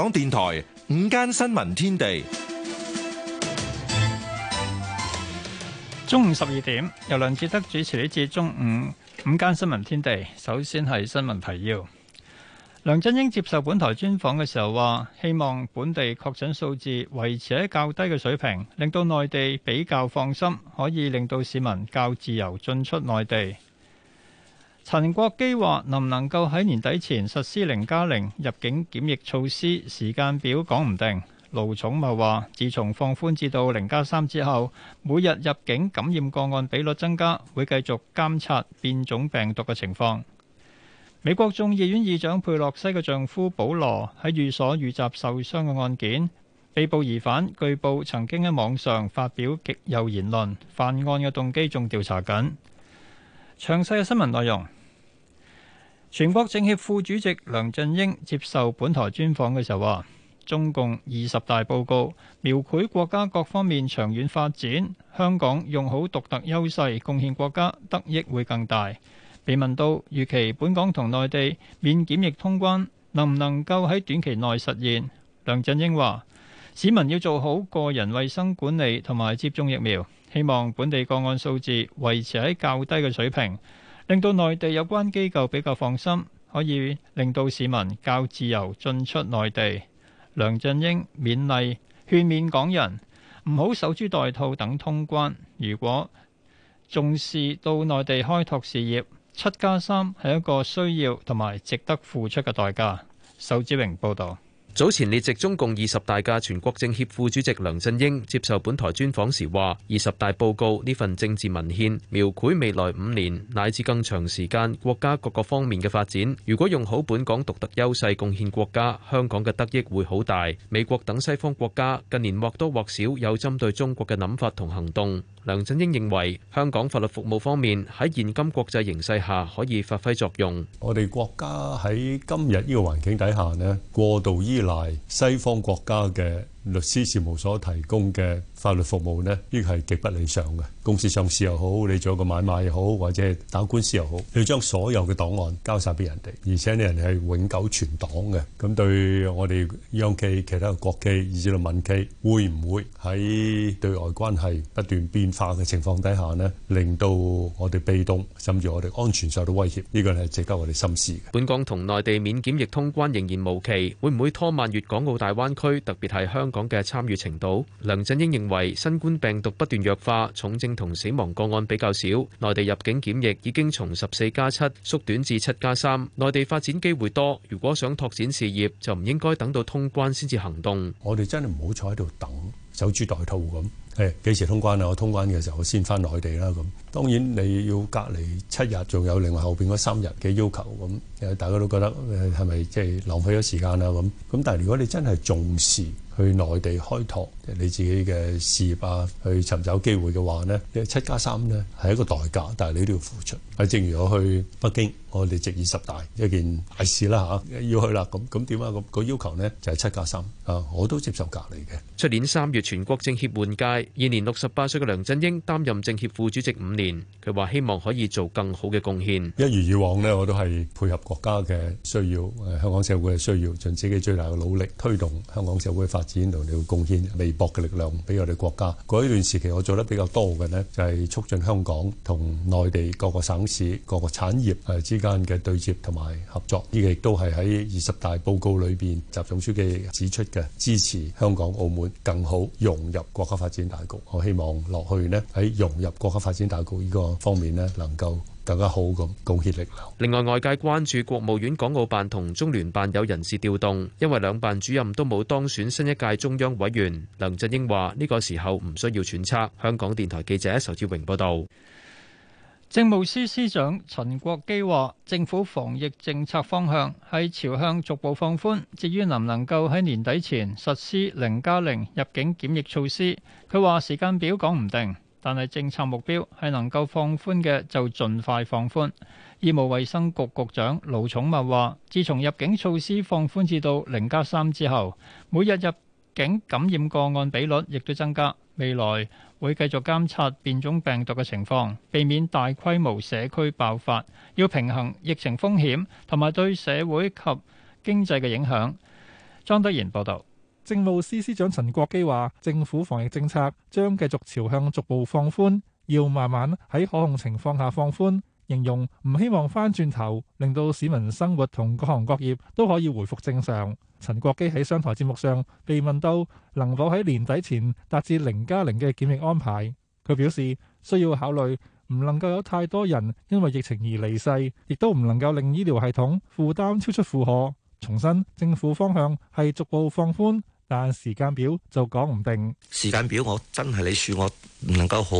香港電台午間新聞天地，中午十二點由梁志德主持。呢節中午午間新聞天地，首先係新聞提要。梁振英接受本台專訪嘅時候話，希望本地確診數字維持喺較低嘅水平，令到內地比較放心，可以令到市民較自由進出內地。陳國基話：能唔能夠喺年底前實施零加零入境檢疫措施？時間表講唔定。盧寵茂話：自從放寬至到零加三之後，每日入境感染個案比率增加，會繼續監察變種病毒嘅情況。美國眾議院議長佩洛西嘅丈夫保羅喺寓所遇襲受傷嘅案件，被捕疑犯據報曾經喺網上發表極右言論，犯案嘅動機仲調查緊。詳細嘅新聞內容。全國政協副主席梁振英接受本台專訪嘅時候話，中共二十大報告描繪國家各方面長遠發展，香港用好獨特優勢，貢獻國家得益會更大。被問到預期本港同內地免檢疫通關，能唔能夠喺短期內實現，梁振英話，市民要做好個人衛生管理同埋接種疫苗，希望本地個案數字維持喺較低嘅水平。令到內地有關機構比較放心，可以令到市民較自由進出內地。梁振英勉勵勸勉港人唔好守株待兔等通關，如果重視到內地開拓事業，七加三係一個需要同埋值得付出嘅代價。仇志榮報導。早前列席中共二十大嘅全國政協副主席梁振英接受本台專訪時話，二十大報告呢份政治文獻描繪未來五年乃至更長時間國家各個方面嘅發展。如果用好本港獨特優勢貢獻國家，香港嘅得益會好大。美國等西方國家近年或多或少有針對中國嘅諗法同行動。梁振英認為，香港法律服務方面喺現今國際形勢下可以發揮作用。我哋國家喺今日呢個環境底下呢，過度依。嚟西方國家嘅。律師事務所提供嘅法律服務咧，呢個係極不理想嘅。公司上市又好，你做個買賣又好，或者係打官司又好，你要將所有嘅檔案交曬俾人哋，而且呢，人哋係永久存檔嘅。咁對我哋央企、其他嘅國企、以至到民企，會唔會喺對外關係不斷變化嘅情況底下咧，令到我哋被動，甚至我哋安全受到威脅？呢個係值得我哋深思嘅。本港同內地免檢疫通關仍然無期，會唔會拖慢粵港澳大灣區，特別係香香港嘅參與程度，梁振英認為新冠病毒不斷弱化，重症同死亡個案比較少。內地入境檢疫已經從十四加七縮短至七加三。內地發展機會多，如果想拓展事業，就唔應該等到通關先至行動。我哋真係唔好坐喺度等守株待兔咁。誒幾時通關啊？我通關嘅時候我先翻內地啦。咁當然你要隔離七日，仲有另外後邊嗰三日嘅要求咁。大家都覺得誒係咪即係浪費咗時間啊？咁咁，但係如果你真係重視。去內地開拓你自己嘅事業啊，去尋找機會嘅話咧，你七加三呢係一個代價，但係你都要付出。正如我去北京。我哋直面二十大一件大事啦嚇，要去啦咁咁點啊？咁個要求呢就係七加三啊，我都接受隔離嘅。出年三月全國政協換屆，現年六十八歲嘅梁振英擔任政協副主席五年，佢話希望可以做更好嘅貢獻。一如以往呢，我都係配合國家嘅需要，香港社會嘅需要，盡自己最大嘅努力推動香港社會發展同埋貢獻微薄嘅力量俾我哋國家。嗰一段時期我做得比較多嘅呢，就係促進香港同內地各個省市、各個產業係間嘅對接同埋合作，呢個亦都係喺二十大報告裏邊，習總書記指出嘅支持香港澳門更好融入國家發展大局。我希望落去呢，喺融入國家發展大局呢個方面呢，能夠更加好咁貢獻力量。另外，外界關注國務院港澳辦同中聯辦有人事調動，因為兩辦主任都冇當選新一屆中央委員。梁振英話呢個時候唔需要揣測。香港電台記者仇志榮報道。政務司司長陳國基話，政府防疫政策方向係朝向逐步放寬，至於能唔能夠喺年底前實施零加零入境檢疫措施，佢話時間表講唔定，但係政策目標係能夠放寬嘅就盡快放寬。醫務衛生局局長盧寵茂話，自從入境措施放寬至到零加三之後，每日入境感染個案比率亦都增加，未來。會繼續監察變種病毒嘅情況，避免大規模社區爆發。要平衡疫情風險同埋對社會及經濟嘅影響。莊德賢報導，政務司司長陳國基話：政府防疫政策將繼續朝向逐步放寬，要慢慢喺可控情況下放寬。形容唔希望返轉頭，令到市民生活同各行各業都可以回復正常。陳國基喺商台節目上被問到能否喺年底前達至零加零嘅檢疫安排，佢表示需要考慮，唔能夠有太多人因為疫情而離世，亦都唔能夠令醫療系統負擔超出負荷。重申政府方向係逐步放寬，但時間表就講唔定。時間表我真係，你恕我唔能夠好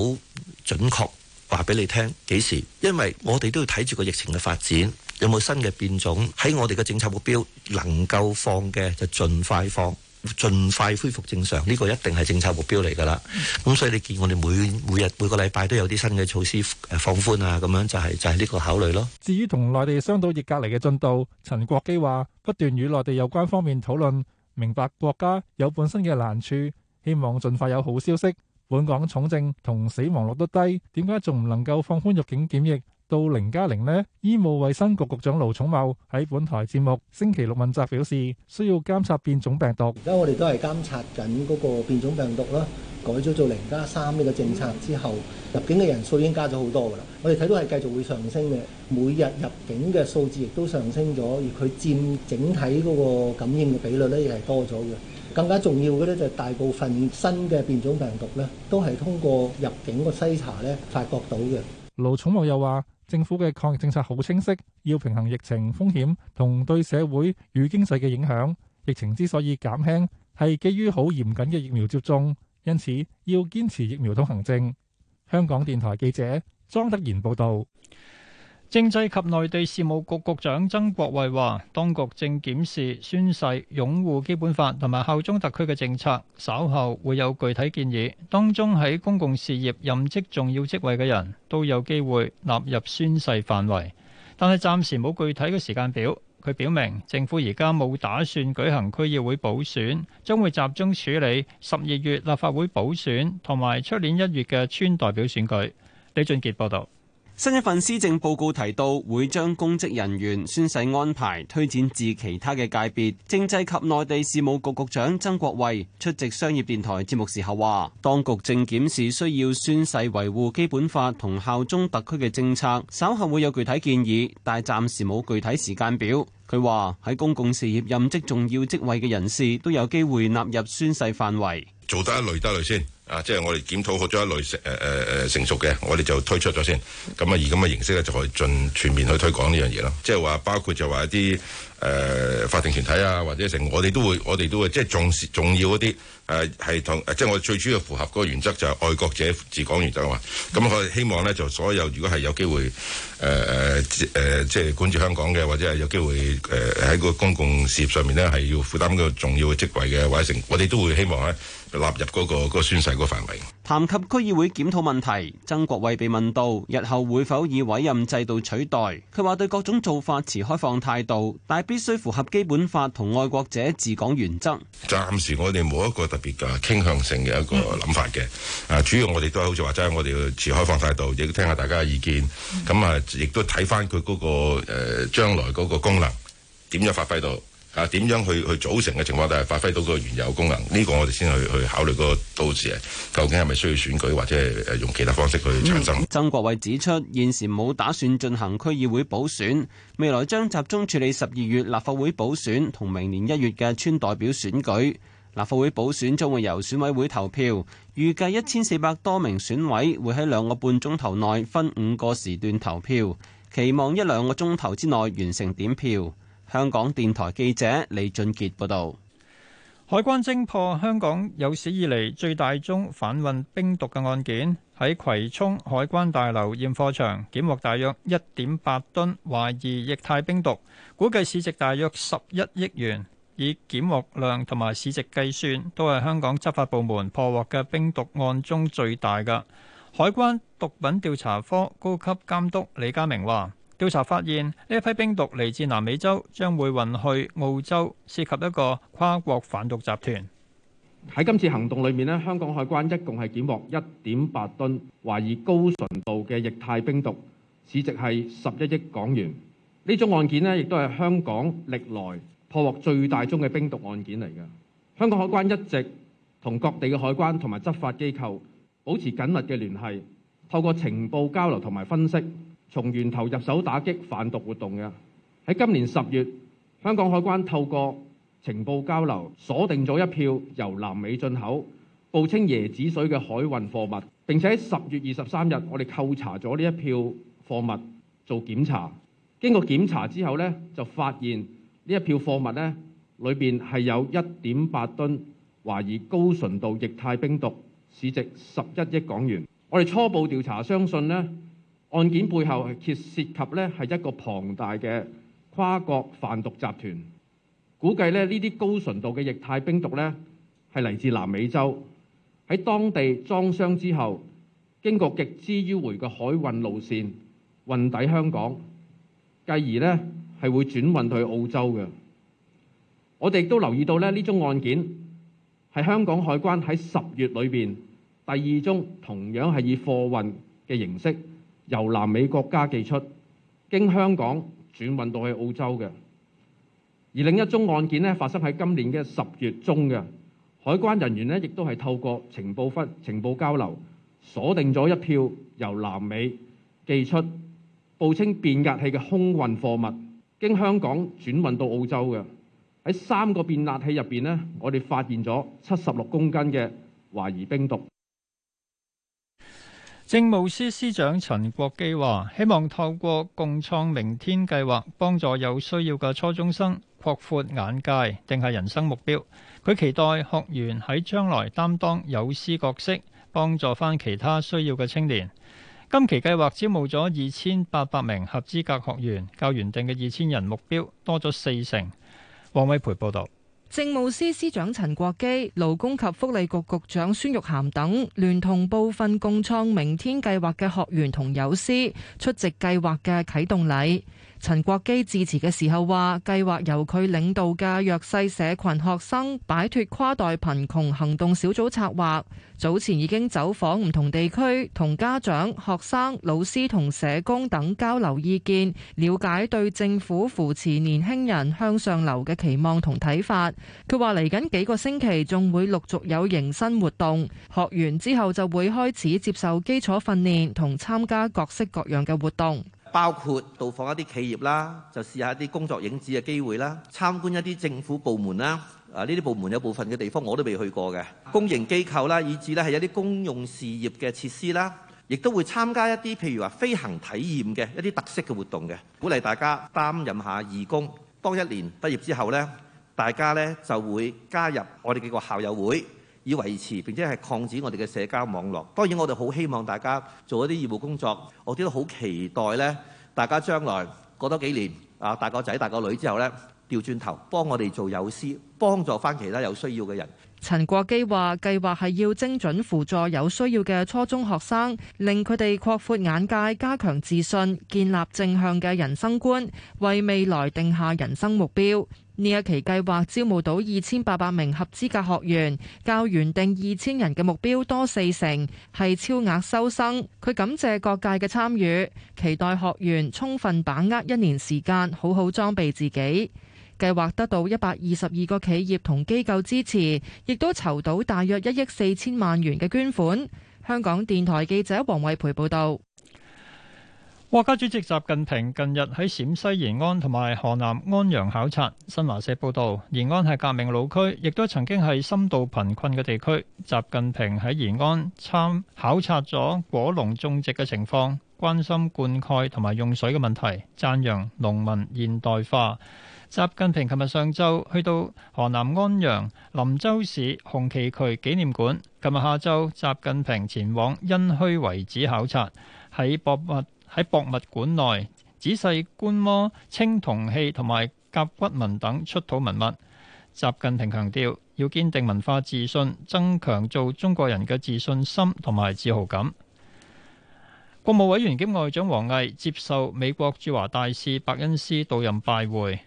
準確話俾你聽幾時，因為我哋都要睇住個疫情嘅發展，有冇新嘅變種，喺我哋嘅政策目標。能夠放嘅就盡快放，盡快恢復正常，呢、這個一定係政策目標嚟㗎啦。咁、嗯、所以你見我哋每每日每個禮拜都有啲新嘅措施誒放寬啊，咁樣就係、是、就係、是、呢個考慮咯。至於同內地商討疫隔離嘅進度，陳國基話不斷與內地有關方面討論，明白國家有本身嘅難處，希望盡快有好消息。本港重症同死亡率都低，點解仲唔能夠放寬入境檢疫？到零加零呢，醫務衛生局局長盧寵茂喺本台節目星期六問責表示，需要監察變種病毒。而家我哋都係監察緊嗰個變種病毒啦，改咗做零加三呢個政策之後，入境嘅人數已經加咗好多噶啦。我哋睇到係繼續會上升嘅，每日入境嘅數字亦都上升咗，而佢佔整體嗰個感染嘅比率咧，亦係多咗嘅。更加重要嘅咧，就係大部分新嘅變種病毒咧，都係通過入境個篩查咧發覺到嘅。盧寵茂又話。政府嘅抗疫政策好清晰，要平衡疫情風險同對社會與經濟嘅影響。疫情之所以減輕，係基於好嚴謹嘅疫苗接種，因此要堅持疫苗通行證。香港電台記者莊德賢報道。政制及內地事務局局長曾國衛話：當局正檢視宣誓擁護基本法同埋效忠特區嘅政策，稍後會有具體建議。當中喺公共事業任職重要職位嘅人都有機會納入宣誓範圍，但係暫時冇具體嘅時間表。佢表明政府而家冇打算舉行區議會補選，將會集中處理十二月立法會補選同埋出年一月嘅村代表選舉。李俊傑報導。新一份施政報告提到，會將公職人員宣誓安排推展至其他嘅界別。政制及內地事務局局長曾國衛出席商業電台節目時候話，當局正檢視需要宣誓維護基本法同效忠特區嘅政策，稍後會有具體建議，但係暫時冇具體時間表。佢話喺公共事業任職重要職位嘅人士都有機會納入宣誓範圍。做得一類得一類先。啊，即係我哋檢討好咗一類成誒誒、呃、成熟嘅，我哋就推出咗先。咁、嗯、啊以咁嘅形式咧，就可以盡全面去推廣呢樣嘢咯。即係話包括就話一啲誒、呃、法定團體啊，或者成我哋都會，我哋都會即係重重要嗰啲誒係同，即係我哋最主要符合嗰個原則就係外國者治港原則嘛。咁、嗯嗯嗯、我哋希望咧，就所有如果係有機會誒誒誒，即係管住香港嘅，或者係有機會誒喺、呃、個公共事業上面咧，係要負擔個重要嘅職位嘅，或者成我哋都會希望咧納入嗰、那個嗰、那個那個宣誓。個範圍，談及區議會檢討問題，曾國衛被問到日後會否以委任制度取代，佢話對各種做法持開放態度，但係必須符合基本法同愛國者治港原則。暫時我哋冇一個特別嘅傾向性嘅一個諗法嘅，啊，主要我哋都係好似話齋，我哋要持開放態度，亦都聽下大家嘅意見，咁啊，亦都睇翻佢嗰個誒將、呃、來嗰個功能點樣發揮到。啊，點樣去去組成嘅情況，但係發揮到個原有功能，呢、這個我哋先去去考慮嗰個到時究竟係咪需要選舉，或者係用其他方式去產生。曾國衛指出，現時冇打算進行區議會補選，未來將集中處理十二月立法會補選同明年一月嘅村代表選舉。立法會補選將會由選委會投票，預計一千四百多名選委會喺兩個半鐘頭內分五個時段投票，期望一兩個鐘頭之內完成點票。香港電台記者李俊杰報道：海關偵破香港有史以嚟最大宗販運冰毒嘅案件，喺葵涌海關大樓驗貨場檢獲大約一點八噸懷疑液態冰毒，估計市值大約十一億元。以檢獲量同埋市值計算，都係香港執法部門破獲嘅冰毒案中最大嘅，海關毒品調查科高級監督李嘉明話。調查發現，呢批冰毒嚟自南美洲，將會運去澳洲，涉及一個跨國販毒集團。喺今次行動裏面呢，香港海關一共係檢獲一點八噸懷疑高純度嘅液態冰毒，市值係十一億港元。呢宗案件呢，亦都係香港歷來破獲最大宗嘅冰毒案件嚟噶。香港海關一直同各地嘅海關同埋執法機構保持緊密嘅聯繫，透過情報交流同埋分析，從源頭入手打擊販毒活動嘅。喺今年十月，香港海關透過情報交流鎖定咗一票由南美進口、報稱椰子水嘅海運貨物，並且喺十月二十三日，我哋扣查咗呢一票貨物做檢查。經過檢查之後呢，就發現呢一票貨物呢裏邊，係有一點八噸懷疑高純度液態冰毒，市值十一億港元。我哋初步調查相信呢。案件背後涉及係一個龐大嘅跨國販毒集團。估計咧，呢啲高純度嘅液態冰毒呢係嚟自南美洲，喺當地裝箱之後，經過極之迂回嘅海運路線運抵香港，繼而呢係會轉運去澳洲嘅。我哋亦都留意到呢，呢宗案件係香港海關喺十月裏面第二宗，同樣係以貨運嘅形式。由南美國家寄出，經香港轉運到去澳洲嘅。而另一宗案件咧，發生喺今年嘅十月中嘅，海關人員咧亦都係透過情報分、情報交流鎖定咗一票由南美寄出，報稱變壓器嘅空運貨物，經香港轉運到澳洲嘅。喺三個變壓器入邊呢，我哋發現咗七十六公斤嘅懷疑冰毒。政務司司長陳國基話，希望透過共創明天計劃，幫助有需要嘅初中生擴闊眼界，定下人生目標。佢期待學員喺將來擔當友師角色，幫助返其他需要嘅青年。今期計劃招募咗二千八百名合資格學員，較原定嘅二千人目標多咗四成。王偉培報道。政務司司長陳國基、勞工及福利局局長孫玉菡等，聯同部分共創明天計劃嘅學員同有師出席計劃嘅啟動禮。陳國基致辭嘅時候話，計劃由佢領導嘅弱勢社群學生擺脫跨代貧窮行動小組策劃，早前已經走訪唔同地區，同家長、學生、老師同社工等交流意見，了解對政府扶持年輕人向上流嘅期望同睇法。佢話嚟緊幾個星期仲會陸續有迎新活動，學完之後就會開始接受基礎訓練同參加各式各樣嘅活動。包括到訪一啲企業啦，就試下一啲工作影子嘅機會啦；參觀一啲政府部門啦，啊呢啲部門有部分嘅地方我都未去過嘅公營機構啦，以至呢係一啲公用事業嘅設施啦，亦都會參加一啲譬如話飛行體驗嘅一啲特色嘅活動嘅，鼓勵大家擔任下義工。當一年畢業之後呢，大家呢就會加入我哋幾個校友會。以維持並且係擴展我哋嘅社交網絡。當然，我哋好希望大家做一啲義務工作。我哋都好期待咧，大家將來過多幾年啊，大個仔大個女之後咧，調轉頭幫我哋做幼師，幫助翻其他有需要嘅人。陳國基話：計劃係要精準輔助有需要嘅初中學生，令佢哋擴闊眼界、加強自信、建立正向嘅人生觀，為未來定下人生目標。呢一期計劃招募到二千八百名合資格學員，較原定二千人嘅目標多四成，係超額收生。佢感謝各界嘅參與，期待學員充分把握一年時間，好好裝備自己。計劃得到一百二十二個企業同機構支持，亦都籌到大約一億四千萬元嘅捐款。香港電台記者黃惠培報道。國家主席習近平近日喺陝西延安同埋河南安陽考察。新華社報道，延安係革命老區，亦都曾經係深度貧困嘅地區。習近平喺延安參考察咗果農種植嘅情況，關心灌溉同埋用水嘅問題，讚揚農民現代化。習近平琴日上晝去到河南安陽林州市紅旗渠紀念館。琴日下晝，習近平前往殷墟遺址考察，喺博物喺博物館內仔細觀摩青銅器同埋甲骨文等出土文物。習近平強調要堅定文化自信，增強做中國人嘅自信心同埋自豪感。國務委員兼外長王毅接受美國駐華大使白恩斯到任拜會。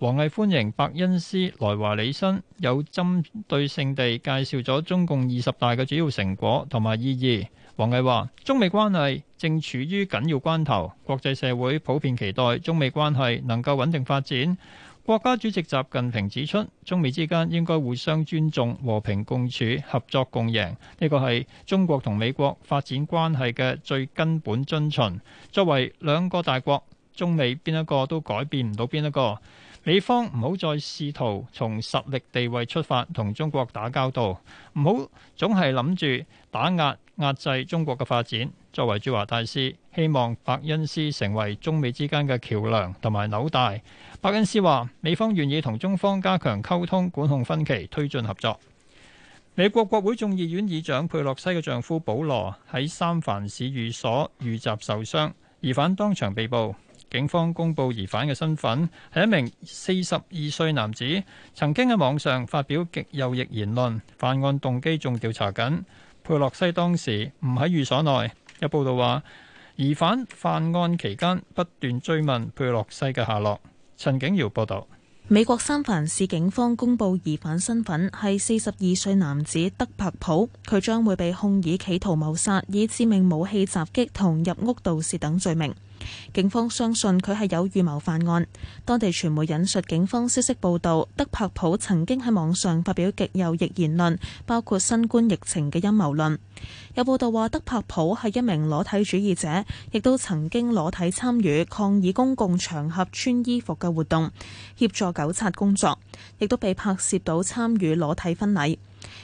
王毅歡迎伯恩斯來華，履新，有針對性地介紹咗中共二十大嘅主要成果同埋意義。王毅話：中美關係正處於緊要關頭，國際社會普遍期待中美關係能夠穩定發展。國家主席習近平指出，中美之間應該互相尊重、和平共處、合作共贏。呢、這個係中國同美國發展關係嘅最根本遵循。作為兩個大國，中美邊一個都改變唔到邊一個。美方唔好再試圖從實力地位出發同中國打交道，唔好總係諗住打壓壓制中國嘅發展。作為駐華大使，希望伯恩斯成為中美之間嘅橋樑同埋紐帶。伯恩斯話美方願意同中方加強溝通，管控分歧，推進合作。美國國會眾議院議長佩洛西嘅丈夫保羅喺三藩市寓所遇襲受傷，疑犯當場被捕。警方公布疑犯嘅身份係一名四十二歲男子，曾經喺網上發表極右翼言論，犯案動機仲調查緊。佩洛西當時唔喺寓所內，有報道話疑犯犯犯案期間不斷追問佩洛西嘅下落。陳景瑤報道，美國三藩市警方公布疑犯身份係四十二歲男子德帕普，佢將會被控以企圖謀殺、以致命武器襲擊同入屋盜竊等罪名。警方相信佢係有預謀犯案。當地傳媒引述警方消息報道，德柏普曾經喺網上發表極右翼言論，包括新冠疫情嘅陰謀論。有報道話，德柏普係一名裸體主義者，亦都曾經裸體參與抗議公共場合穿衣服嘅活動，協助糾察工作，亦都被拍攝到參與裸體婚禮。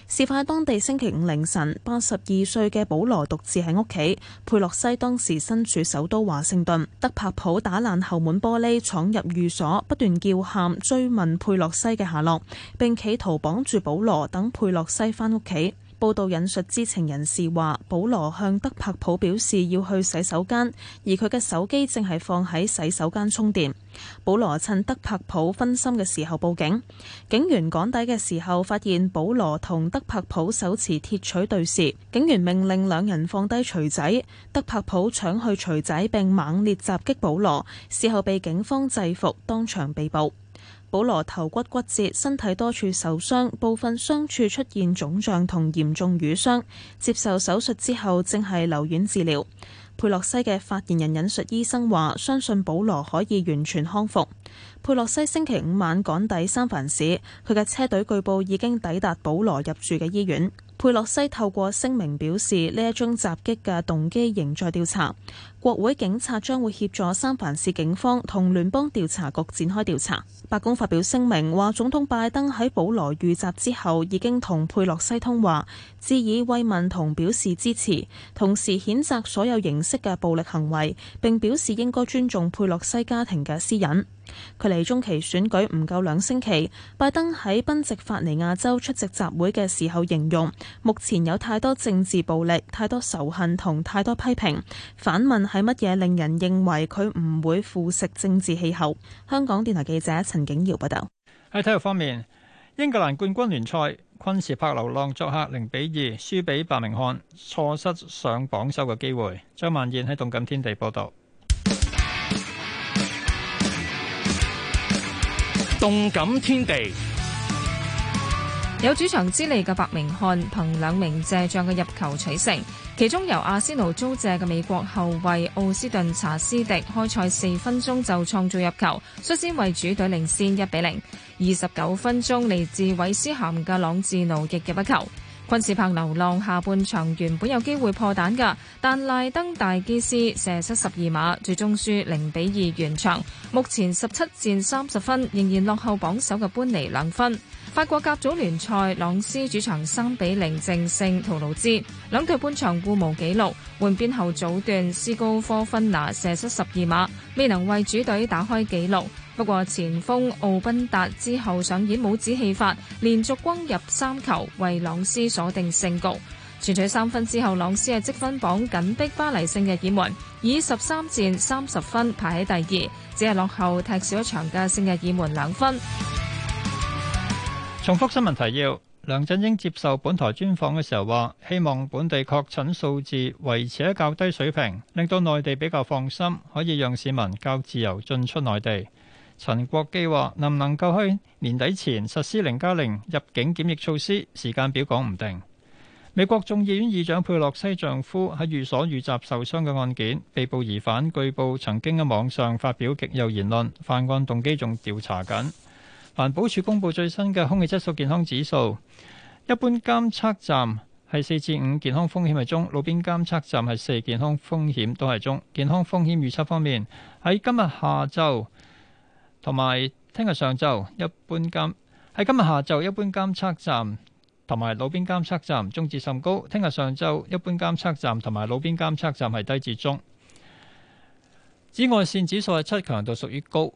事發當地星期五凌晨，八十二歲嘅保羅獨自喺屋企。佩洛西當時身處首都華盛頓，德帕普打爛後門玻璃，闖入寓所，不斷叫喊追問佩洛西嘅下落，並企圖綁住保羅，等佩洛西返屋企。報道引述知情人士話，保羅向德柏普表示要去洗手間，而佢嘅手機正係放喺洗手間充電。保羅趁德柏普分心嘅時候報警，警員趕抵嘅時候發現保羅同德柏普手持鐵錘對峙，警員命令兩人放低錘仔，德柏普搶去錘仔並猛烈襲擊保羅，事後被警方制服，當場被捕。保羅頭骨骨折，身體多處受傷，部分傷處出現腫脹同嚴重瘀傷。接受手術之後，正係留院治療。佩洛西嘅發言人引述醫生話，相信保羅可以完全康復。佩洛西星期五晚趕抵三藩市，佢嘅車隊據報已經抵達保羅入住嘅醫院。佩洛西透過聲明表示，呢一宗襲擊嘅動機仍在調查。國會警察將會協助三藩市警方同聯邦調查局展開調查。白宮發表聲明話，總統拜登喺保羅遇襲之後已經同佩洛西通話，致以慰問同表示支持，同時譴責所有形式嘅暴力行為，並表示應該尊重佩洛西家庭嘅私隱。距離中期選舉唔夠兩星期，拜登喺賓夕法尼亞州出席集會嘅時候形容，目前有太多政治暴力、太多仇恨同太多批評，反問。係乜嘢令人認為佢唔會腐蝕政治氣候？香港電台記者陳景堯報道。喺體育方面，英格蘭冠軍聯賽，昆士柏流浪作客零比二輸俾白明翰，錯失上榜首嘅機會。張萬燕喺動感天地報道。動感天地。報導動感天地。有主場之利嘅白明翰憑兩名借將嘅入球取勝，其中由阿仙奴租借嘅美國後衛奧斯頓查斯迪開賽四分鐘就創造入球，率先為主隊領先一比零。二十九分鐘嚟自韋斯咸嘅朗治奴亦入一球。昆士柏流浪下半場原本有機會破蛋噶，但賴登大基斯射失十二碼，最終輸零比二完場。目前十七戰三十分，仍然落後榜首嘅班尼兩分。法國甲組聯賽，朗斯主場三比零淨勝圖盧茲，兩隊半場互無紀錄，換邊後早段斯高科芬拿射失十二碼，未能為主隊打開紀錄。不過前鋒奧賓達之後上演帽子戲法，連續攻入三球，為朗斯鎖定勝局。全取三分之後，朗斯嘅積分榜緊逼巴黎聖日耳門，以十三戰三十分排喺第二，只係落後踢少一場嘅聖日耳門兩分。重複新聞提要：梁振英接受本台專訪嘅時候話，希望本地確診數字維持喺較低水平，令到內地比較放心，可以讓市民較自由進出內地。陳國基話：能唔能夠去年底前實施零加零入境檢疫措施？時間表講唔定。美國眾議院議長佩洛西丈夫喺寓所遇襲受傷嘅案件，被捕疑犯據報曾經喺網上發表極右言論，犯案動機仲調查緊。環保署公布最新嘅空氣質素健康指數，一般監測站係四至五，健康風險係中；路邊監測站係四，健康風險都係中。健康風險預測方面，喺今日下晝同埋聽日上晝，一般監喺今日下晝一般監測站同埋路邊監測站中至甚高；聽日上晝一般監測站同埋路邊監測站係低至中。紫外線指數係七，強度屬於高。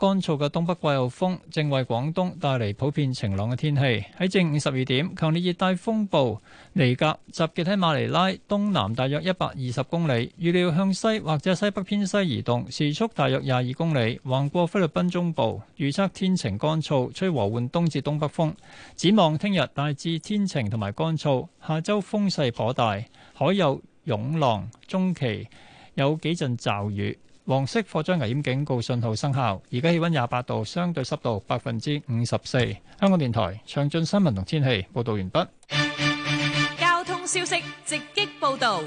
乾燥嘅東北季候風正為廣東帶嚟普遍晴朗嘅天氣。喺正午十二點，強烈熱帶風暴尼格集結喺馬尼拉東南大約一百二十公里，預料向西或者西北偏西移動，時速大約廿二公里，橫過菲律賓中部。預測天晴乾燥，吹和緩東至東北風。展望聽日大致天晴同埋乾燥，下週風勢頗大，海有湧浪，中期有幾陣驟雨。黃色火災危險警告信號生效，而家氣溫廿八度，相對濕度百分之五十四。香港電台詳盡新聞同天氣報道完畢。交通消息直擊報道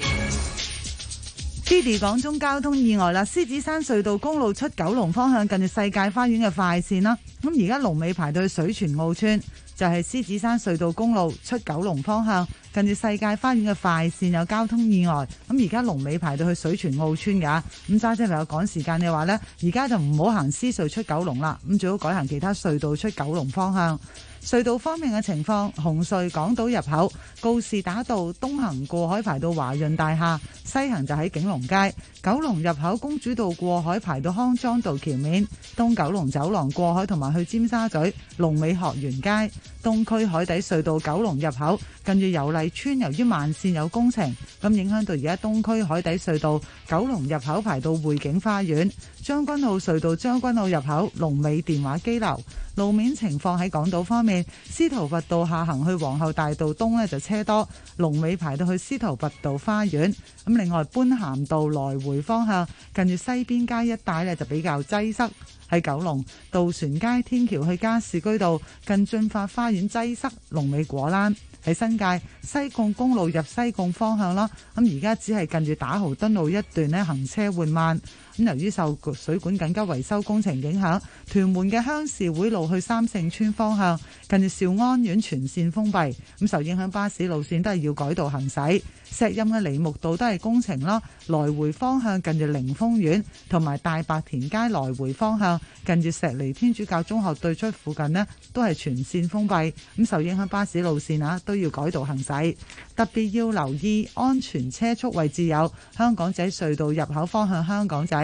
d i d 講中交通意外啦，獅子山隧道公路出九龍方向近住世界花園嘅快線啦，咁而家龍尾排到水泉澳村。就係獅子山隧道公路出九龍方向，近住世界花園嘅快線有交通意外，咁而家龍尾排到去水泉澳村噶，咁揸車朋友趕時間嘅話呢，而家就唔好行獅隧出九龍啦，咁最好改行其他隧道出九龍方向。隧道方面嘅情況，紅隧港島入口告士打道東行過海排到華潤大廈，西行就喺景龍街；九龍入口公主道過海排到康莊道橋面，東九龍走廊過海同埋去尖沙咀龍尾學園街；東區海底隧道九龍入口近住油麗村，由於慢線有工程，咁影響到而家東區海底隧道九龍入口排到匯景花園；將軍澳隧道將軍澳入口龍尾電話機樓路面情況，喺港島方面，司徒拔道下行去皇后大道東呢，就車多，龍尾排到去司徒拔道花園。咁另外，般咸道來回方向近住西邊街一帶呢，就比較擠塞。喺九龍渡船街天橋去加士居道近駿發花園擠塞，龍尾果欄喺新界西貢公路入西貢方向啦。咁而家只係近住打豪敦路一段呢，行車緩慢。咁由於受水管緊急維修工程影響，屯門嘅鄉事會路去三聖村方向近住兆安苑全線封閉，咁受影響巴士路線都係要改道行駛。石蔭嘅梨木道都係工程啦，來回方向近住寧峰苑同埋大白田街來回方向近住石梨天主教中學對出附近呢，都係全線封閉，咁受影響巴士路線啊都要改道行駛。特別要留意安全車速位置有香港仔隧道入口方向香港仔。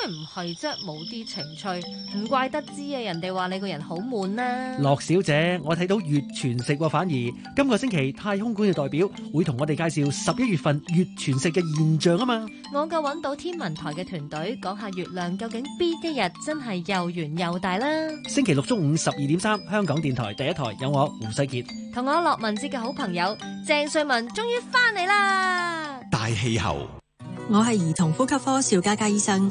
咩唔係啫？冇啲情趣，唔怪得知啊！人哋話你個人好悶啦。樂小姐，我睇到月全食喎。啊，反而今個星期太空館嘅代表會同我哋介紹十一月份月全食嘅現象啊嘛。我夠揾到天文台嘅團隊講下月亮究竟邊一日真係又圓又大啦。星期六中午十二點三，3，香港電台第一台有我胡世杰，同我樂文哲嘅好朋友鄭瑞文，終於翻嚟啦。大氣候，我係兒童呼吸科邵嘉嘉醫生。